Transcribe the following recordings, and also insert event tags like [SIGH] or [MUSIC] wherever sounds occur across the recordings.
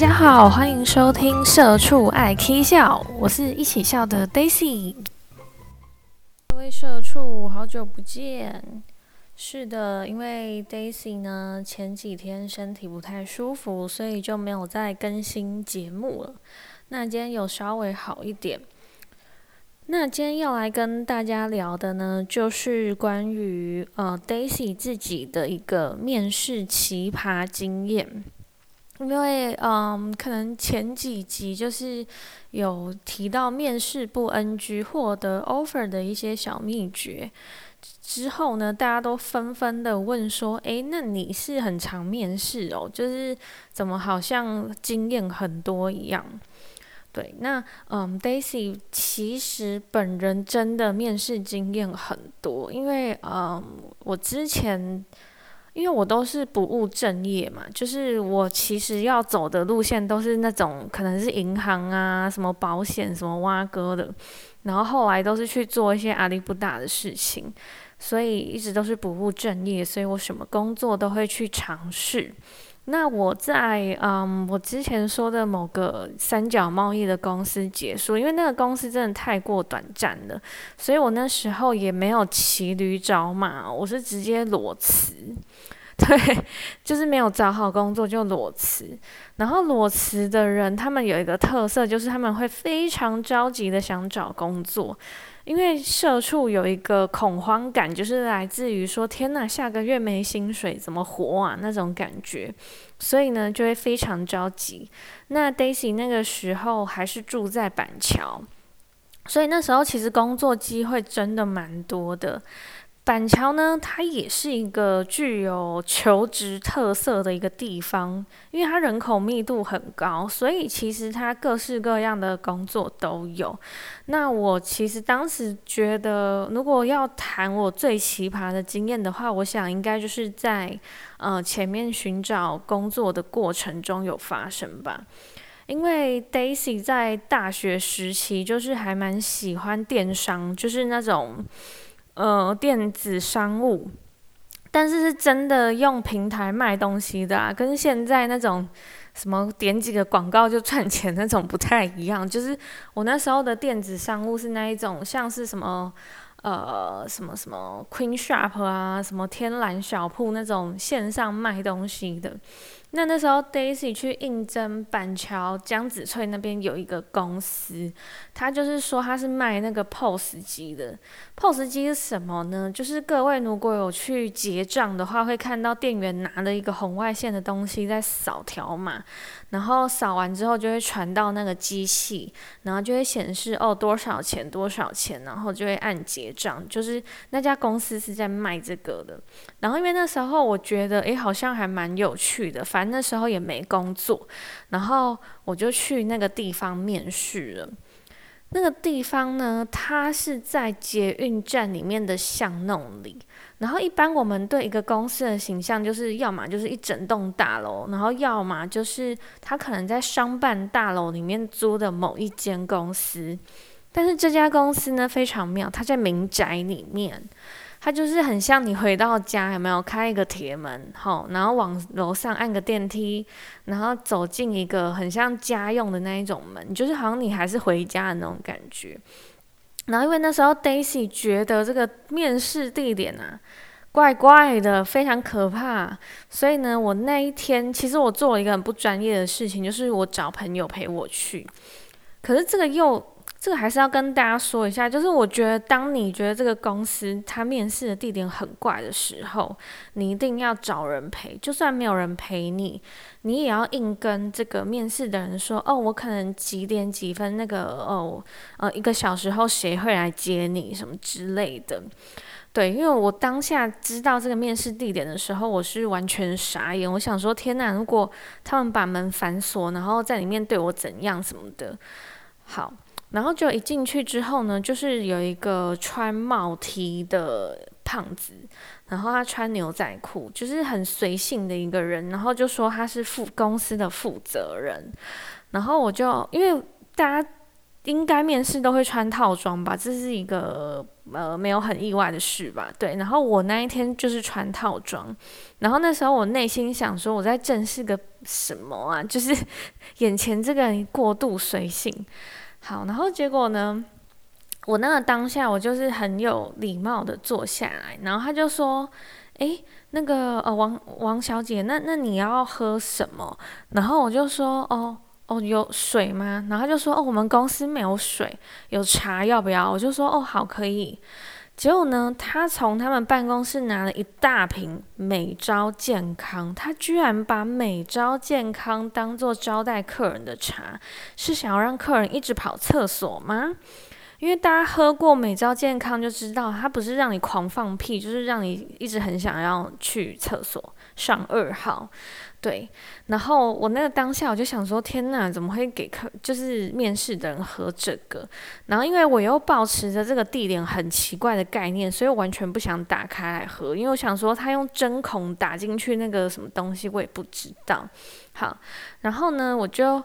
大家好，歡迎收聽《社畜愛 k 笑》，我是一起笑的 Daisy。各位社畜，好久不見！是的，因為 Daisy 呢前幾天身體不太舒服，所以就沒有再更新節目了。那今天有稍微好一點。那今天要來跟大家聊的呢，就是關於呃 Daisy 自己的一個面試奇葩經驗。因為嗯，可能前幾集就是有提到面試不 NG 獲得 offer 的一些小祕訣，之後呢，大家都紛紛地問說：“哎，那你是很常面試哦，就是怎麼好像經驗很多一樣？”對，那嗯，Daisy 其實本人真的面試經驗很多，因為嗯，我之前。因為我都是不務正業嘛，就是我其實要走的路線都是那種可能是銀行啊、什麼保險、什麼挖哥的，然後後來都是去做一些阿里不達的事情，所以一直都是不務正業，所以我什麼工作都會去嘗試。那我在嗯，我之前說的某個三角貿易的公司結束，因為那個公司真的太過短暫了，所以我那時候也沒有騎驢找馬，我是直接裸辭。對，就是沒有找好工作就裸辭，然後裸辭的人，他們有一個特色，就是他們會非常着急的想找工作，因為社畜有一個恐慌感，就是來自於說天哪，下個月沒薪水怎麼活啊那種感覺，所以呢就會非常着急。那 Daisy 那個時候還是住在板橋，所以那時候其實工作機會真的蠻多的。板橋呢，它也是一個具有求職特色的一個地方，因為它人口密度很高，所以其實它各式各樣的工作都有。那我其實當時覺得，如果要談我最奇葩的經驗的話，我想應該就是在呃前面尋找工作的過程中有發生吧。因為 Daisy 在大學時期就是還蠻喜歡電商，就是那種。呃，電子商務，但是是真的用平台賣東西的啊，跟現在那種什麼點幾個廣告就賺錢那種不太一樣。就是我那時候的電子商務是那一種，像是什麼。呃，什麼什麼 Queen Shop 啊，什麼天藍小鋪那種線上賣東西的。那那時候 Daisy 去應徵板橋江子翠那邊有一個公司，他就是說他是賣那個 POS 機的。POS 機是什麼呢？就是各位如果有去結賬的話，會看到店員拿了一個紅外線的東西在掃條碼。然後掃完之後就會傳到那個機器，然後就會顯示哦，多少錢多少錢，然後就會按結賬。就是那家公司是在賣這個的。然後因為那時候我覺得誒，好像還蠻有趣的，反正那時候也沒工作，然後我就去那個地方面試了。那個地方呢，它是在捷運站裡面的巷弄裡。然後，一般我們對一個公司的形象，就是要麼就是一整棟大樓，然後要麼就是它可能在商辦大樓裡面租的某一間公司。但是這家公司呢，非常妙，它在民宅裡面。它就是很像你回到家，有沒有開一個鐵門，吼，然後往樓上按個電梯，然後走進一個很像家用的那一種門，就是好像你還是回家的那種感覺。然後因為那時候 Daisy 覺得這個面試地點呢、啊，怪怪的，非常可怕，所以呢，我那一天其實我做了一個很不專業的事情，就是我找朋友陪我去，可是這個又。這個還是要跟大家說一下，就是我覺得，當你覺得這個公司它面試的地點很怪的時候，你一定要找人陪，就算沒有人陪你，你也要硬跟這個面試的人說，哦，我可能幾點幾分那個哦呃一個小時後誰會來接你什麼之類的，對，因為我當下知道這個面試地點的時候，我是完全傻眼，我想說天吶，如果他們把門反鎖，然後在裡面對我怎樣什麼的，好。然後就一進去之後呢，就是有一個穿帽 T 的胖子，然後他穿牛仔褲，就是很隨性的一個人。然後就說他是負公司的負責人。然後我就因為大家應該面試都會穿套裝吧，這是一個呃沒有很意外的事吧？對。然後我那一天就是穿套裝，然後那時候我內心想說我在正式個什麼啊？就是眼前這個人過度隨性。好，然後結果呢？我那個當下，我就是很有禮貌的坐下來，然後他就說：“誒，那個呃，王王小姐，那那你要喝什麼？”然後我就說：“哦哦，有水嗎？”然後他就說：“哦，我們公司沒有水，有茶要不要？”我就說：“哦，好，可以。”結果呢？他從他們辦公室拿了一大瓶每朝健康，他居然把每朝健康當做招待客人的茶，是想要讓客人一直跑廁所嗎？因為大家喝過每朝健康就知道，它不是讓你狂放屁，就是讓你一直很想要去廁所上二號。對，然後我那個當下我就想說，天哪，怎麼會給客就是面試的人喝這個？然後因為我又抱持著這個地點很奇怪的概念，所以我完全不想打開來喝，因為我想說他用針孔打進去那個什麼東西，我也不知道。好，然後呢，我就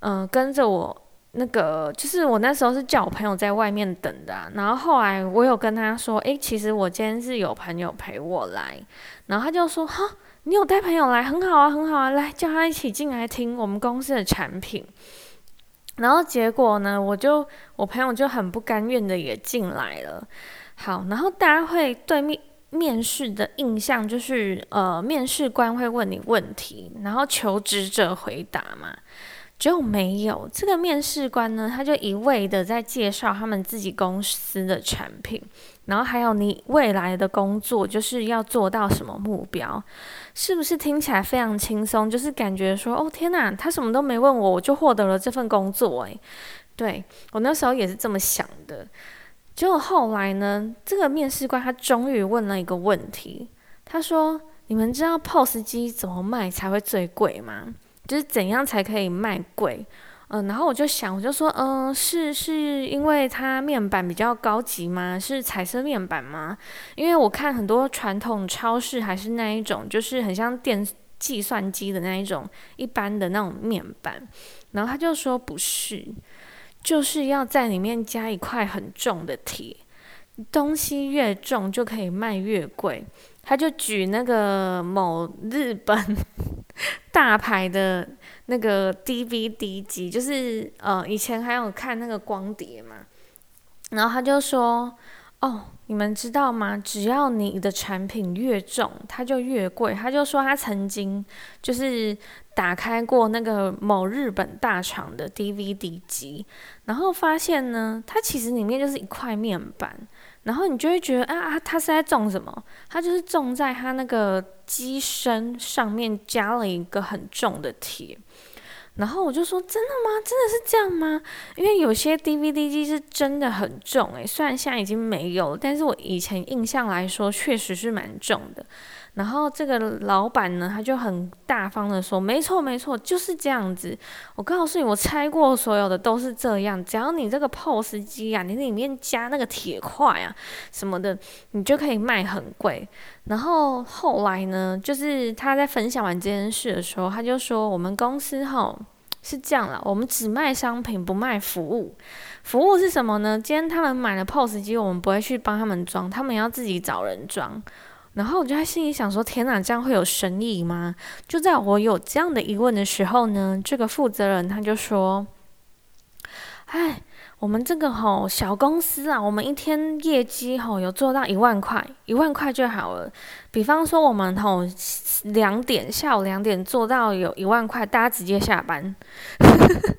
嗯、呃、跟着我那個，就是我那時候是叫我朋友在外面等的，啊，然後後來我有跟他說，哎，其實我今天是有朋友陪我來，然後他就說，哈。你有帶朋友來，很好啊，很好啊，來，叫他一起進來聽我們公司的產品。然後結果呢，我就我朋友就很不甘願的也進來了。好，然後大家會對面面試的印象就是，呃，面試官會問你問題，然後求職者回答嘛。就沒有這個面試官呢，他就一味的在介紹他們自己公司的產品，然後還有你未來的工作就是要做到什麼目標，是不是聽起來非常輕鬆？就是感覺說，哦天哪，他什麼都沒問我，我就獲得了這份工作誒，對，我那時候也是這麼想的。結果後來呢，這個面試官他終於問了一個問題，他說：“你們知道 POS 機怎麼賣才會最貴嗎？”就是怎樣才可以賣貴？嗯，然後我就想，我就說，嗯、呃，是是因為它面板比較高級嗎？是彩色面板嗎？因為我看很多傳統超市還是那一種，就是很像電計算機的那一種一般的那種面板。然後他就說不是，就是要在裡面加一塊很重的鐵，東西越重就可以賣越貴。他就舉那個某日本。大牌的那個 DVD 機，就是呃，以前還有看那個光碟嘛，然後他就說，哦。你們知道嗎？只要你的產品越重，它就越貴。他就說他曾經就是打開過那個某日本大廠的 DVD 機，然後發現呢，它其實裡面就是一塊面板，然後你就會覺得啊啊，它是在重什麼？它就是重在它那個機身上面加了一個很重的鐵。然後我就說：“真的嗎？真的是這樣嗎？因為有些 DVD 機是真的很重哎、欸，雖然現在已經沒有了，但是我以前印象來說，確實是蠻重的。”然後這個老闆呢，他就很大方的說：“沒錯，沒錯，就是這樣子。我告訴你，我拆過所有的，都是這樣。只要你這個 POS 機啊，你裡面加那個鐵塊啊什麼的，你就可以賣很貴。”然後後來呢，就是他在分享完這件事的時候，他就說：“我們公司吼是這樣啦，我們只賣商品不賣服務。服務是什麼呢？今天他們買了 POS 機，我們不會去幫他們裝，他們要自己找人裝。”然後我就在心裡想說：“天哪，這樣會有神意嗎？”就在我有這樣的疑問的時候呢，這個負責人他就說：“哎，我們這個吼、哦、小公司啊，我們一天業績吼、哦、有做到一萬塊，一萬塊就好了。比方說，我們吼、哦、兩點下午兩點做到有一萬塊，大家直接下班。 [LAUGHS] ”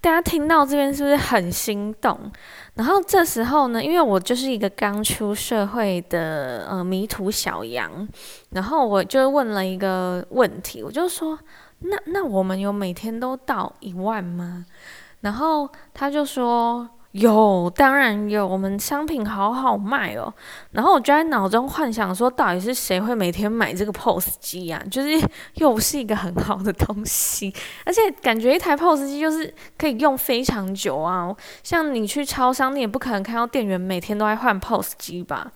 大家聽到這邊是不是很心動？然後這時候呢，因為我就是一個剛出社會的呃迷途小羊，然後我就問了一個問題，我就說，那那我們有每天都到一萬嗎？然後他就說。有，當然有。我們商品好好賣哦、喔。然後我就在腦中幻想說，到底是誰會每天買這個 POS 機呀、啊？就是又是一個很好的東西，而且感覺一台 POS 機就是可以用非常久啊。像你去超商，你也不可能看到店員每天都在換 POS 機吧。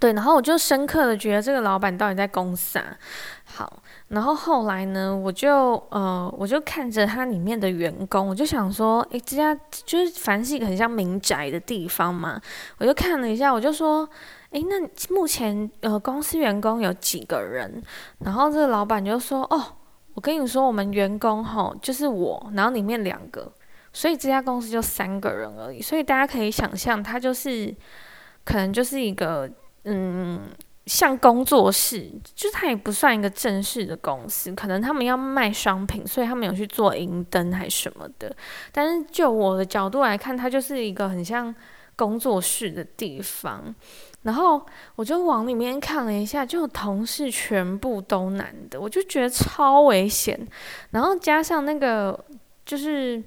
對，然後我就深刻的覺得這個老闆到底在公司啊。好，然後後來呢，我就呃，我就看着他裡面的員工，我就想說，哎，這家就是凡是一個很像民宅的地方嘛，我就看了一下，我就說，哎，那目前呃公司員工有幾個人？然後這個老闆就說，哦，我跟你說，我們員工吼就是我，然後裡面兩個，所以這家公司就三個人而已，所以大家可以想象，他就是可能就是一個。嗯，像工作室，就它也不算一個正式的公司，可能他們要賣商品，所以他們有去做營登還是什麼的。但是就我的角度來看，它就是一個很像工作室的地方。然後我就往裡面看了一下，就同事全部都男的，我就覺得超危險。然後加上那個就是。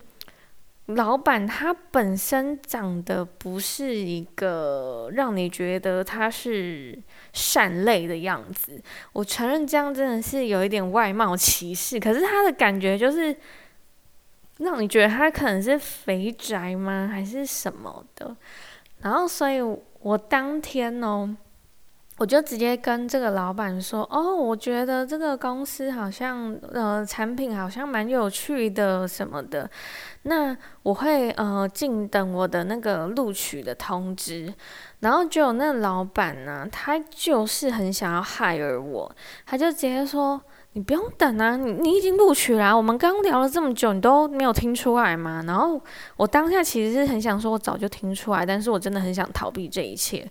老闆他本身長得不是一個讓你覺得他是善類的樣子，我承認這樣真的是有一點外貌歧視。可是他的感覺就是讓你覺得他可能是肥宅嗎？還是什麼的？然後，所以我當天哦。我就直接跟這個老闆說：“哦，我覺得這個公司好像，呃，產品好像蠻有趣的什麼的。那我會呃，靜等我的那個錄取的通知。然後就那個老闆呢、啊，他就是很想要 hire 我，他就直接說：你不用等啊，你你已經錄取啦、啊。我們剛聊了這麼久，你都沒有聽出來嘛。’然後我當下其實是很想說，我早就聽出來，但是我真的很想逃避這一切。”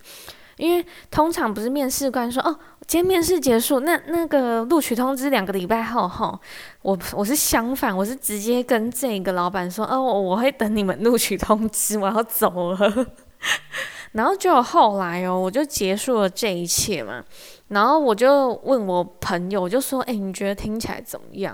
因為通常不是面試官說哦，今天面試結束，那那個錄取通知兩個禮拜後，吼、哦，我我是相反，我是直接跟這個老板說，哦，我會等你們錄取通知，我要走了。 [LAUGHS] 然後就後來哦，我就結束了這一切嘛，然後我就問我朋友，我就說，誒，你覺得聽起來怎麼樣？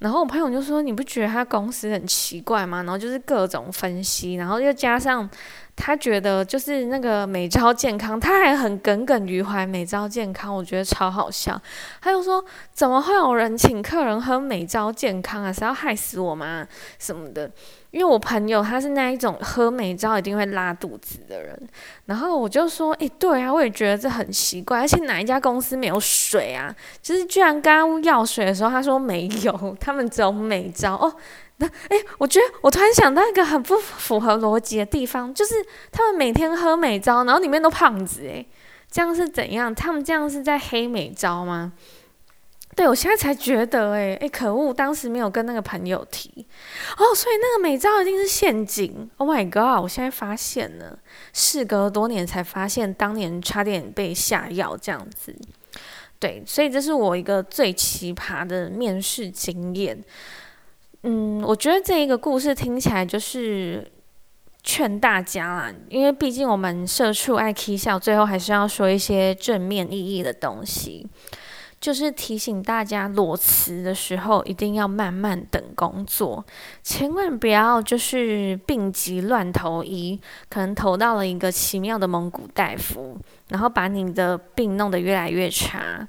然後我朋友就說，你不覺得他公司很奇怪嗎？然後就是各種分析，然後又加上。他覺得就是那個每朝健康，他還很耿耿於懷。每朝健康，我覺得超好笑。他就說：“怎麼會有人請客人喝每朝健康啊？是要害死我嗎？什麼的？”因為我朋友他是那一種喝每朝一定會拉肚子的人。然後我就說：“哎、欸，對啊，我也覺得這很奇怪。而且哪一家公司沒有水啊？就是居然剛剛要水的時候，他說沒有，他們只有每朝哦。”哎，我覺得我突然想到一個很不符合邏輯的地方，就是他們每天喝美招，然後裡面都胖子，哎，這樣是怎樣？他們這樣是在黑美招嗎？對我現在才覺得誒，哎，哎，可惡，當時沒有跟那個朋友提，哦，所以那個美招一定是陷阱。Oh my god，我現在發現了，事隔多年才發現，當年差點被下藥這樣子。對，所以這是我一個最奇葩的面試經驗。嗯，我覺得這一個故事聽起來就是勸大家啦，因為畢竟我們社畜愛 k 笑，最後還是要說一些正面意義的東西，就是提醒大家裸辭的時候一定要慢慢等工作，千萬不要就是病急亂投醫，可能投到了一個奇妙的蒙古大夫，然後把你的病弄得越來越差。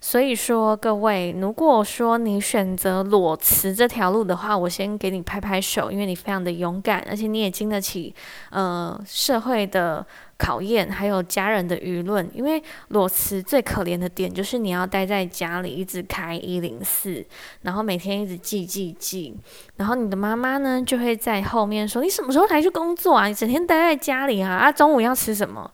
所以說，各位，如果說你選擇裸辭這條路的話，我先給你拍拍手，因為你非常的勇敢，而且你也經得起，呃，社會的。考驗還有家人的輿論，因為裸辭最可憐的點就是你要待在家裡，一直開一零四，然後每天一直寄寄寄，然後你的媽媽呢就會在後面說，你什麼時候才去工作啊？你整天待在家裡啊？啊中午要吃什麼？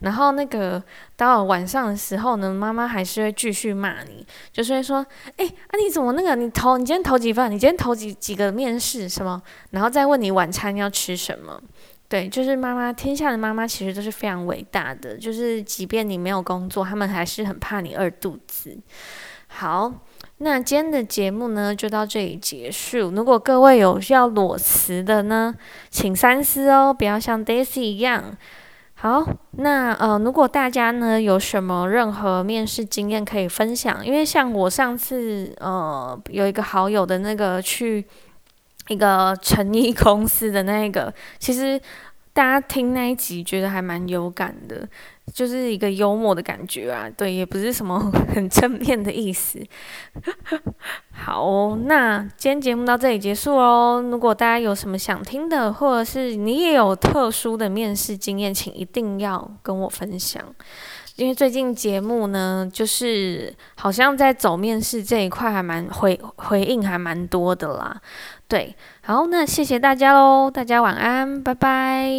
然後那個到晚上的時候呢，媽媽還是會繼續罵你，就是會說，哎、欸，啊你怎麼那個？你投你今天投幾份？你今天投幾幾個面試是嗎？然後再問你晚餐要吃什麼？對，就是媽媽，天下的媽媽其實都是非常偉大的。就是即便你沒有工作，他們還是很怕你餓肚子。好，那今天的節目呢，就到這裡結束。如果各位有要裸辭的呢，請三思哦，不要像 Daisy 一樣。好，那呃，如果大家呢有什麼任何面試經驗可以分享，因為像我上次呃有一個好友的那個去。一個成衣公司的那個，其實大家聽那一集覺得還蠻有感的，就是一個幽默的感覺啊。對，也不是什麼很正面的意思。 [LAUGHS] 好哦，那今天節目到這裡結束哦。如果大家有什麼想聽的，或者是你也有特殊的面試經驗，請一定要跟我分享。因為最近節目呢，就是好像在走面試這一塊，還蠻回回應還蠻多的啦。對，好，那謝謝大家嘍，大家晚安，拜拜。